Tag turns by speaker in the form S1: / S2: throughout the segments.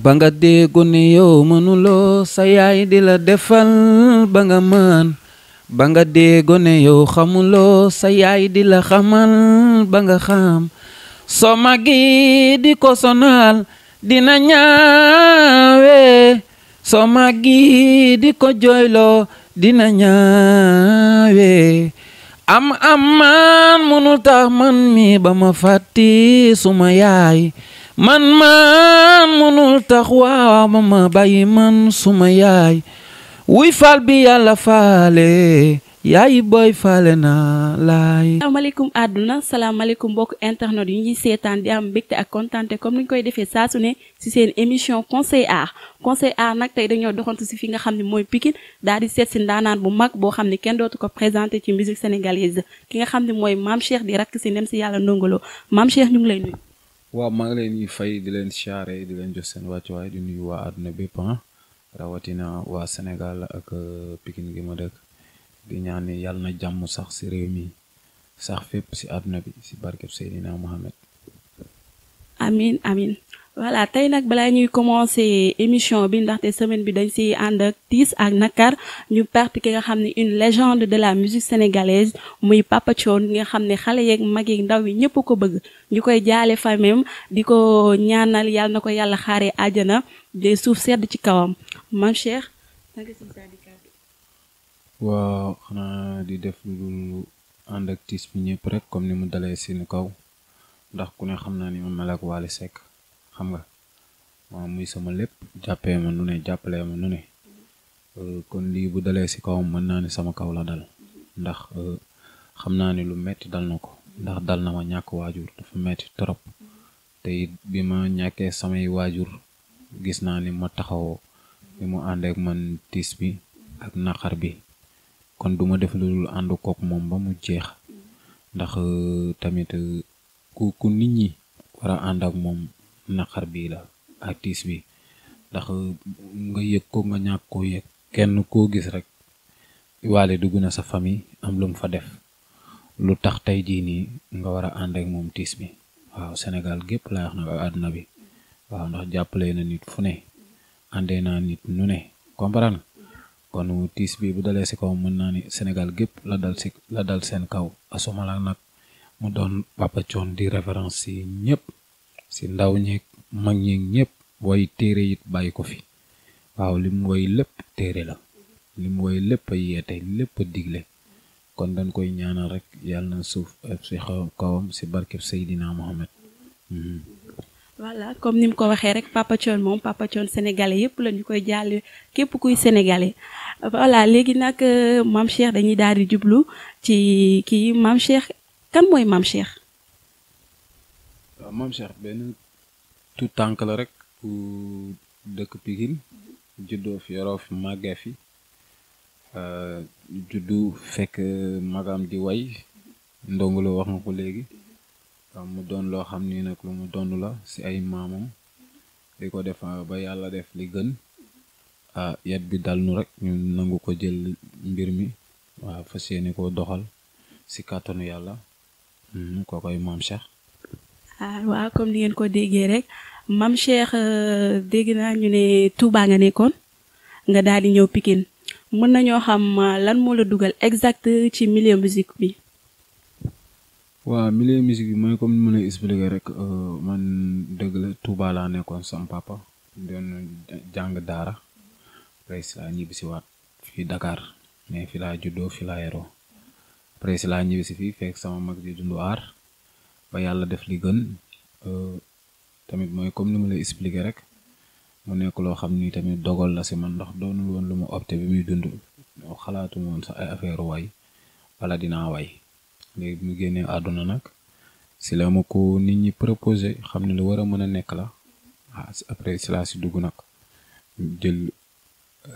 S1: ba nga déggu ne mënuloo sa yaay di la defal ba nga mën ba nga déggu ne yow xamuloo sa yaay di la xamal ba nga xam soo màggi ko sonal dina ñaawe soo màggi di ko jooyloo dina ñaawe am am man mënul tax man mi ba ma fàtti suma yaay man man munul tax waaw ma ma bàyyi man suma yaay wuy faal bi yàlla faale yaayi booy faale na laay.
S2: salaamaaleykum àdduna salaamaaleykum mbokk internet yu ñuy seetaan di am mbégte ak kontaante comme ni ñu koy defee saa ne ci seen émission conseil art conseil art nag tey dañoo doxantu si fi nga xam ne mooy Pikine daal di seet ci ndaanaan bu mag boo xam ne kenn dootu ko présenté ci musique sénégalaise ki nga xam ne mooy Mame Cheikh di rakk ci ndem ci yàlla ndongolo Mame Cheikh ñu lay nuyu.
S3: waaw maa ngi leen di fay di leen siyaare di leen jox seen wàccuwaay di nuyu waa àdduna bépp ah. rawatina waa Sénégal ak euh, Pikine gi ma dëkk di ñaan ni yàlla na jàmm sax si réew mi sax fépp si àdduna bi si barkeb Seydina Mohamed.
S2: amin amin voilà tey nag balaa ñuy commencer émission bi ndaxte semaine bi dañ siy ànd ak tiis ak nakar ñu perte nga xam ne une légende de la musique sénégalaise muy Papa Thione nga xam ne xale yeeg mag yeeg ndaw yi ñëpp ko bëgg ñu koy jaale famem di ko ñaanal yàlla na ko yàlla xaaree àjjana de suuf sedd ci kawam maam Cheikh.
S3: xanaa di def lu ànd ak tiis bi ñëpp rek comme ni mu dalee seen kaw ndax ku ne xam naa ni ma mel ak Wally xam nga maa muy sama lépp jàppee ma nu ne jàppalee ma nu ne euh, kon lii bu dalee si kawam mën naa ne sama kaw la dal ndax euh, xam naa ni lu metti dal na ko ndax dal na ma ñàkk waajur dafa metti trop te it bi ma ñàkkee samay waajur gis naa ni ma taxawoo ni mu ànd man tiis bi ak naqar bi kon duma def lu dul moom ba mu jeex ndax euh, tamit ku ku nit ñi war ànd ak moom naqar bii la ak tiis bi ndax nga yëg ko nga ñàkk koo yëg kenn koo gis rek waale dugg na sa famille am lu fa def lu tax tey jii nii nga war a ànd ak moom tiis bi waaw Sénégal gépp laa wax bi waaw ndax jàppale na nit fu ne nit nu ne comprendre tiis bi bu dalee si kaw mën naa ni senegal gépp la dal seen kaw asuma la nag mu doon Papa Thione di référence si ñëpp si ndaw ñeeg mag ñeeg way téere it bàyyi ko fi waaw li mu woy lépp téere la li mu lépp a yeete lépp a digle kon dañ koy ñaanal rek yàlla na suuf si xaw kawam si barkeb Seydina Mohamed mhm.
S2: voilà comme ni mu ko waxee rek Papa Thione moom Papa Thione sénégalais yëpp la ñu koy jàll képp kuy sénégalais voilà léegi nag euh, maam Cheikh dañuy daal di jublu ci kii maam Cheikh kan mooy maam Cheikh.
S3: maam Cheikh benn tu tànk la rek ku dëkk Pikine juddoo fi yoroo fi màggee euh, juddu fekk magam di way ndongo la wax nga ko léegi mu doon loo xam ni nag lu mu donn la si ay maamam di ko def ah, ba yàlla def li gën ah yat bi dal nu rek ñu nangu ko jël mbir mi waaw fas yéene koo doxal si kàttanu yàlla hmm, koo koy maam Cheikh
S2: Ah, waaw comme ni ngeen ko déggee rek mam Cheikh euh, dégg naa ñu ne Touba nga nekkoon nga daal di ñëw pikin mën nañoo xam euh, lan moo la dugal exact ci milieu musique bi.
S3: waaw milieu musique bi mooy comme ni ma rek euh, man dëgg la Touba laa nekkoon sama papa doon jàng daara après si laa ñibbi waat fii Dakar mais fi laa juddoo fi laa yaroo après laa ñibbi si fekk sama mag di dundu aar. ba yàlla def li gën euh, tamit mooy comme ni ma la expliqué rek mu nekk loo xam ni tamit dogal la si man ndax doonul woon lu ma opté bi muy dund xalaatu woon sax ay affaire way wala dinaa way léegi mu génnee àdduna nag si la ma ko nit ñi proposé xam ne lu war a mën a nekk la ah après si laa si dugg nag jël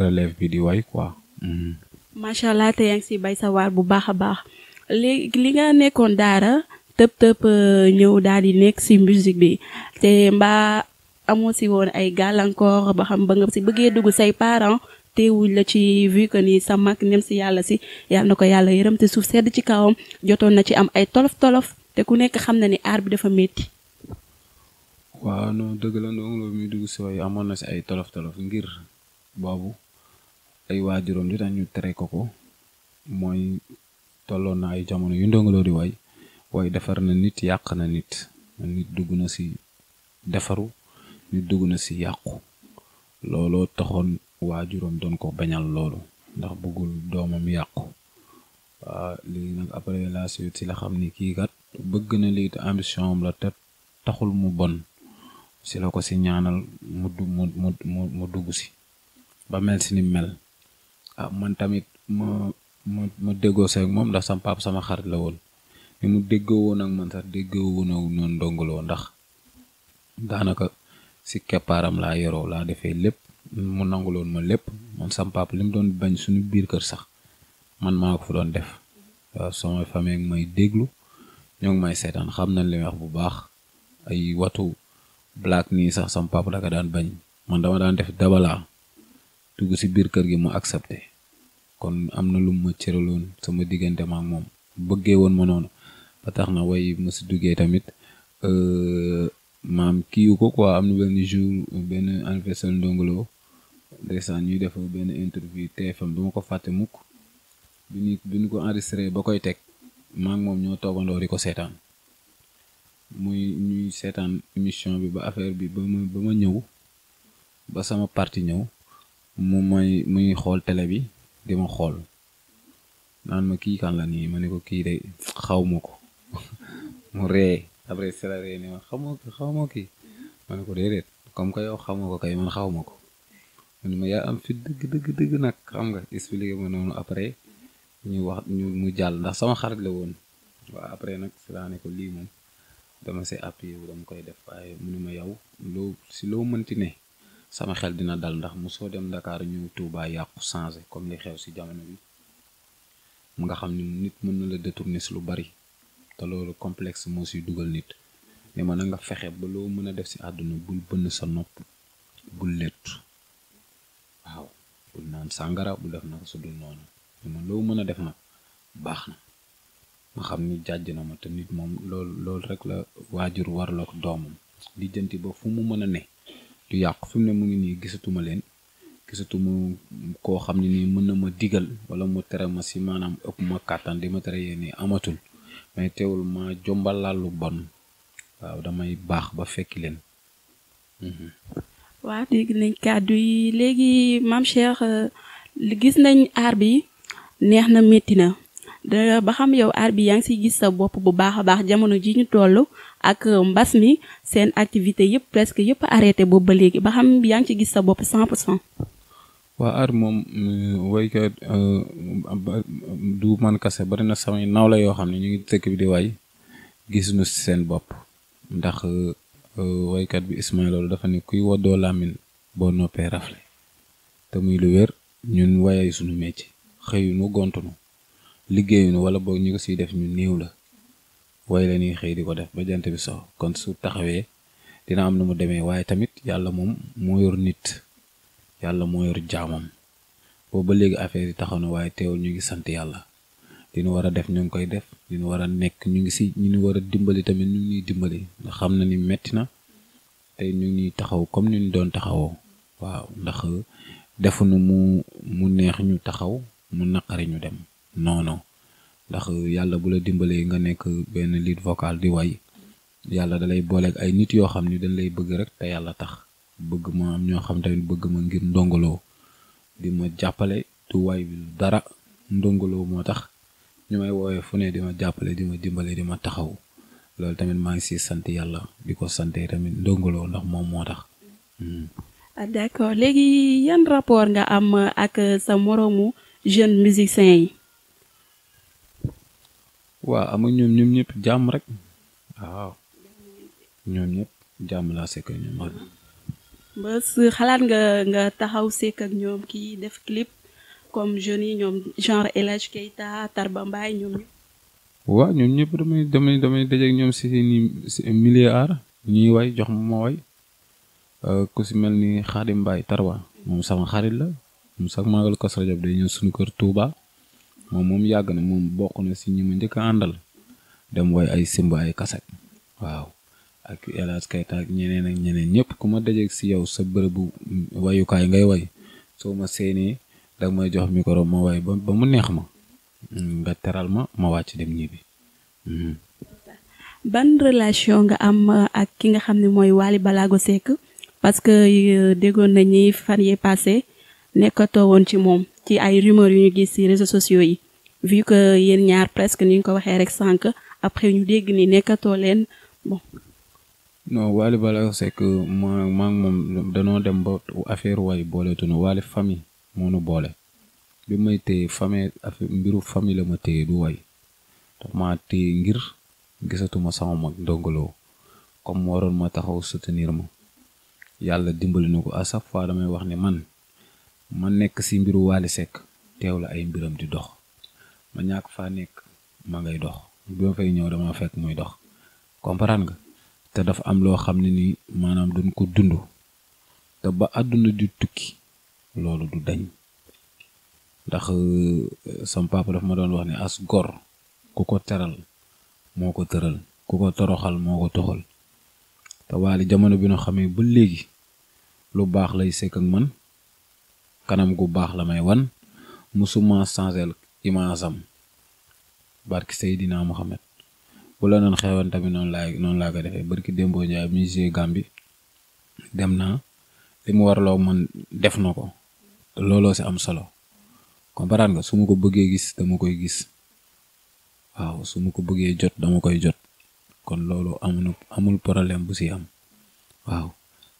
S3: relève bi di way koi macha
S2: mm-hmm. allah te yaa si bay sa waar bu baax a baax léegi li nga nekkoon daara. tëp tëp euh, ñëw daal di nekk ci musique bi te mbaa amoo si woon ay gàllankoor ba xam ba nga ci bëggee dugg say parents teewuñ la ci vu ni sa mag nem si yàlla si yàlla na ko yàlla yërëm te suuf sedd ci kawam jotoon na ci am ay tolof tolof te ku nekk xam na ni aar bi dafa metti
S3: waaw non dëgg la ndongo loolu muy dugg si waaye amoon na si ay tolof tolof ngir boobu ay waajuram di tax ñu tere ko ko mooy tolloon na ay jamono yu ndongo di way woy defar na nit yàq na nit nit dugg na ci defaru nit dugg na ci yàqu looloo taxoon waa waajuram doon ko bañal loolu ndax bëggul doomam yàqu waaw léegi nag après la suite ci la xam ni kii kat bëgg na lii te ambition la te taxul mu bon ci la ko ci ñaanal mu mu mu mu dugg si ba mel si ni mel ah man tamit ma ma ma déggoo seek moom ndax sama sama xarit la woon ni mu déggoo woon ak man sax déggoo woon ak noonu ndongoloo ndax daanaka si keppaaram laa yoroo laa defee lépp mu nanguloon ma lépp man sam li mu doon bañ suñu biir kër sax man maa ko fa doon def waaw sama famille may déglu ñoo ngi may seetaan xam nañ li wax bu baax ay watu black nii sax sam papa daka daan bañ man dama daan def dabalaa dugg si biir kër gi mu accepte kon am na lu ma cëraloon sama diggante ma moom bëggee woon ma noonu ba tax na way mu si duggee tamit euh, maam kiiwu ko quoi am na benn jour benn anniversaire Ndongo Lo ndeysaan ñuy def benn interview TFM du ma ko fàtte mukk bi ñu ko enregistré ba koy teg maa moom ñoo toogandoo di ko seetaan muy ñuy seetaan émission bi ba affaire bi ba ma ba ñëw ba sama parti ñëw mu may muy xool télé bi di ma xool naan ma kii kan la nii ma ne ko kii de xaw ma ko mu ree après si la ree ni ma xamoo ko xamoo kii ma ne ko déedéet comme que yow xamoo ko kay man xaw ma ko man ma yaa am fi dëgg dëgg dëgg nag xam nga expliqué ma noonu après ñu wax ñu mu jàll ndax sama xarit woon waaw après nag si ne ko lii moom dama si appuyé wu dama koy def waaye mu ne ma yow loo si loo mënti ne sama xel dina dal ndax mu soo dem ndakaar ñëw Touba yàqu changé comme li xew si jamono bi mu nga xam ni nit mën na la détourner lu bari te loolu complexe moo siy dugal nit mais man na nga fexe ba loo mën a def si àdduna bul bënn sa nopp bul lettu waaw bul naan sàngara bu def nag su dul noonu mais man loo mën a def nag baax na ma xam ni jàjj na ma te nit moom lool lool rek la waajur war la ko doomam lijjanti ba fu mu mën a ne lu yàqu fi mu ne mu ngi nii gisatuma leen gisatuma koo xam ne nii mën na ma digal wala mu tere ma si maanaam ëpp ma kàttan di ma tere yéen nii amatul mais teewul ma jombalal lu bon waaw damay baax ba fekki leen. Mhm.
S2: waaw dégg nañ kàddu yi léegi maam Cheikh euh, gis nañ aar bi neex na métti na ba xam yow aar bi yaa ngi siy gis sa bopp bu baax a baax jamono ji ñu toll ak euh, mbas mi seen activité yëpp presque yëpp arrêté boobu ba léegi ba xam yaa ngi ci gis sa bopp 100 pour 100.
S3: waa aar moom euh, waykat euh, du man kase bari na samay naw la yoo xam ne ñu ngi tëkk bi di waay gisuñu seen bopp ndax euh, waykat bi Ismaïla Lô dafa ne kuy woddoo làmmiñ boo noppee rafle te muy lu wér ñun wayay suñu métier xëyunu gontunu liggéeyunu wala boog ñu ko siy def ñu néew la way la ñuy xëy di ko def ba jant bi so kon su taxawee dina am na mu demee waaye tamit yàlla moom moo yor nit yàlla moo yor jaamam boobu ba léegi affaire yi taxaw na waaye teewul ñu ngi sant yàlla li ñu war a def ñu ngi koy def li ñu war a nekk ñu ngi si ñu ñu war a dimbali tamit ñu ngi ñuy dimbali nga xam na ni metti na tey ñu ngi taxaw comme ni ñu doon taxawoo waaw ndax defuñu mu mu neex ñu taxaw mu naqari ñu dem non non ndax yàlla bu la dimbalee nga nekk benn lead vocal di way yàlla dalay booleek ay nit yoo xam ni dañ lay bëgg rek te yàlla tax bëgg ma am ñoo xam tamit bëgg ma ngir ndongoloo di ma jàppale tuwaay bi dara ndongoloo moo tax ñu may woowee fu ne di ma jàppale di ma dimbale di ma taxaw loolu tamit maa ngi si sant yàlla di ko sante tamit ndongoloo ndax moom moo tax.
S2: Hmm. Ah, d'accord léegi yan rapport nga am euh, ak euh, sa moroomu jeune musicien
S3: yi. waaw am ak ñoom ñoom jàmm rek waaw ñoom ñëpp jàmm laa sekk ñoom
S2: ba xalaat nga nga taxaw sekk ak ñoom kii def clip comme jeunes yi ñoom genre El Hadj Keita Tarba Mbaye ñoom
S3: ñëpp. ñoom damay damay damay ñoom si si milieu art ñuy way jox ma ma way euh, ku si mel ni Xaadim mbaay Tarba moom sama xarit la moom sax maagal Kazu Rajab day ñëw suñu kër Touba moom moom yàgg na moom bokk na si ñi ma njëkk àndal dem way ay simba ay kaset waaw. ak El Hadj Keita ak ñeneen ak ñëpp ku ma dajeeg si yow sa bërëbu wayukaay ngay way soo ma seenee danga may jox micro ma way ba ba mu neex ma mm, nga teral ma ma wàcc dem ñibbi. Mm.
S2: ban relation nga am uh, ak ki nga xam ne mooy Wally Balago Seck parce que euh, déggoon nañu fan yee passé nekkatoo woon ci moom ci ay rumeurs yu ñu gis ci réseaux sociaux yi vu que ko waxee rek sànq ñu dégg ni nekkatoo leen bon.
S3: non Wally Ballago Seck ma maa ngi moom danoo dem ba affaire way booleetuñu Wally famille moo nu boole bi may téye famille affaire mbiru famille la ma téye du way daf maa téye ngir gisatuma sama mag Ndongo Lo comme waroon ma taxaw soutenir ma yàlla dimbali na ko à chaque fois damay wax ni man ma nekk si mbiru Wally Seck teew la ay mbiram di dox ma ñàkk faa nekk ma ngay dox bi ma fay ñëw dama fekk muy dox comprendre nga. te dafa am loo xam ne ni maanaam duñ ko dund te ba àdduna di tukki loolu du dañ ndax euh, sam daf ma doon wax ne as gor ku ko teral moo ko tëral ku ko toroxal moo ko toxal te waali jamono bi nga xamee ba léegi lu baax lay sekk man kanam gu baax la may wan musuma changel imaasam barki Seydina Muhammad bu la noonu xewoon tamit noonu laa noonu laa ko defee barki Dembo Ndiaye mi gisee Gambie dem naa li mu warloo man def na ko looloo si am solo comprendre nga su ma ko bëggee gis dama koy gis waaw su ko bëggee jot dama koy jot kon loolu amul amul problème bu si am waaw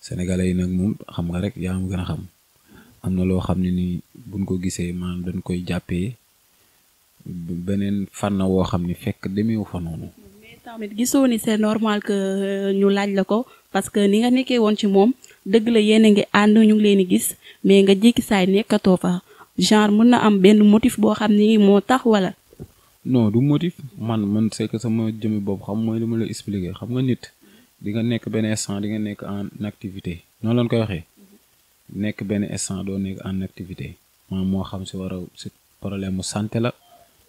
S3: sénégalais yi nag moom xam nga rek yaa ma gën a xam am na loo xam ne nii buñ ko gisee maam dañ koy jàppee beneen fànn woo xam ni fekk demeewu fa noonu
S2: tamit gisoo ni c'est normal que euh, ñu laaj la ko parce que ni nga nekkee woon ci moom dëgg la yéen a ngi ànd ñu ngi leen di gis mais nga jékki saay nekkatoo fa genre mën na am benn motif boo xam ni moo tax wala.
S3: non du motif man man c'est que sama jëmmi bopp xam mooy li ma la expliquer xam nga nit di nga nekk benn instant di nga nekk en activité noonu lañ koy waxee nekk benn instant doo nekk en activité maanaam moo xam si war problème mu santé la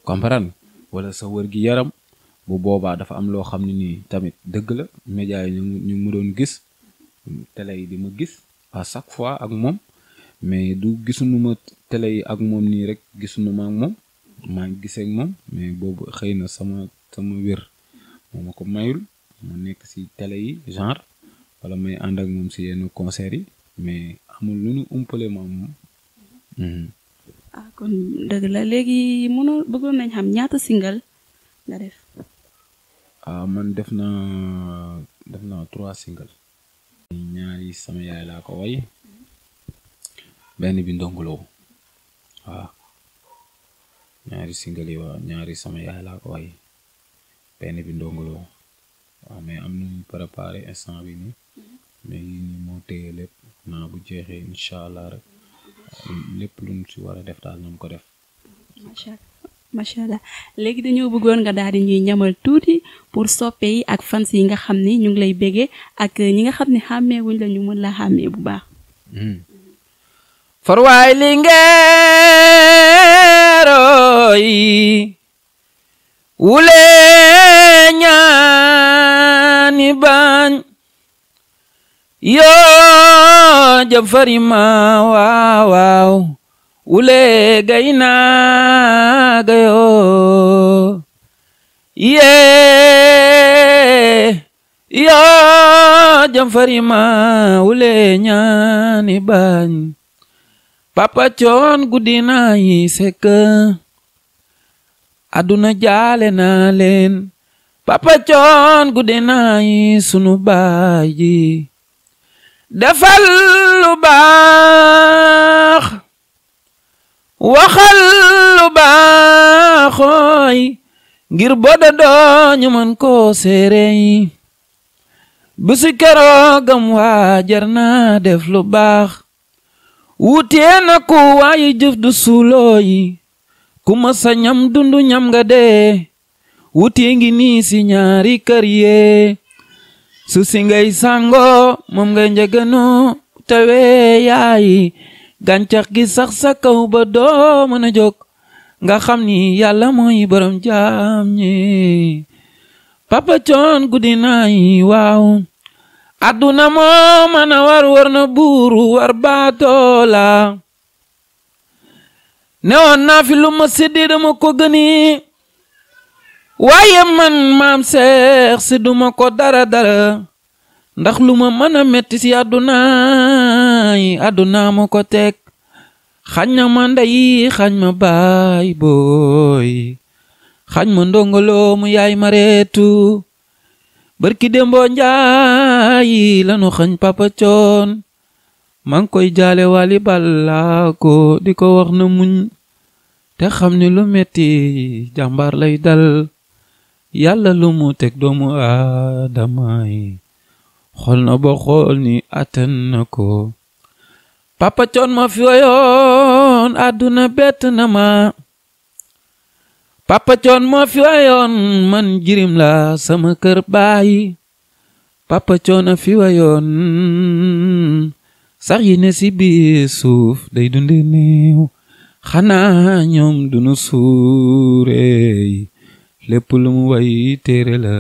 S3: comprendre wala bu boobaa dafa am loo xam ne nii tamit dëgg la média yi ñu mu doon gis télé yi di ma gis à chaque fois ak moom mais du gisuñu ma télé yi ak moom nii rek gisuñu ma ak moom maa ngi gisee ak moom mais boobu xëy na sama sama wér moo ma ko mayul ma nekk si tele yi genre wala may ànd ak moom si yenn concert yi mais amul lu ñu umpale moom. Mm-hmm.
S2: Ah, kon dëgg la léegi mënoo bëggoon nañ xam ñaata single
S3: ah man def naa def na trois single. ñaari sama yaay laa ko way benn bi ndongolo waaw ñaari single yi waaw ñaari sama laa ko benn bi ndongolo mais am nañu préparé instant bi nii mais yi nii moo téye lépp naa bu jeexee incha allah rek lépp lu si war a def daal nañ ko def.
S2: macha allah léegi dañoo bëggoon nga daal di ñuy ñamal tuuti pour soppe yi ak fans yi nga xam ni ñu ngi lay béggee ak ñi nga xam ne xàmmeewuñ la ñu mën la xàmmee bu baax. Hmm.
S1: waay lingeero yi wule ñaani bañ yoo jëfari ma waaw wule gaynaaga yoo yee yoo jamfarima wule ñaani bañ papa coon guddi naa yi sekk aduna jaale naa papa coon guddi naa sunu baay defal lu baax waxal lu baaxooy ngir boda doo ñu mën koo séeréy bisu keroogam waa jar naa def lu baax wutee na ku waaye jëf du suulooyi ku masa ñam dundu ñam nga dee wutee ngi nii si ñaari kër yee su si ngay sàngoo moom ngay njëgënu tawee yaayi gàncax gi sax sa kaw ba doo mën a nga xam ni yàlla mooy borom jaam ñi papa coon guddi naay waaw àdduna moo mën war war na buuru war baatoola newoon naa fi lu ma siddi dama ko gëni waaye man maam seex si ko dara dara ndax lu ma mën a metti yi àdduna ma ko teg xañ na ma ndey xañ ma baay booy xañ ma ndongolo mu yaay ma reetu barki démboo njaayi lanu xañ papa coon maa ngi koy jaale wali balla ko di ko wax na muñ te xam ni lu metti jàmbar lay dal yàlla lu mu teg doomu aadama yi xool na ba xool ni attan na ko papa coon ma fi wayoon àdduna bett na ma papa coon ma fi wayoon man jirim la sama kër baay papa coon a fi wayoon sax yi ne si biir day dunde néew xanaa ñoom dunu
S3: suureey lépp lu mu way téere la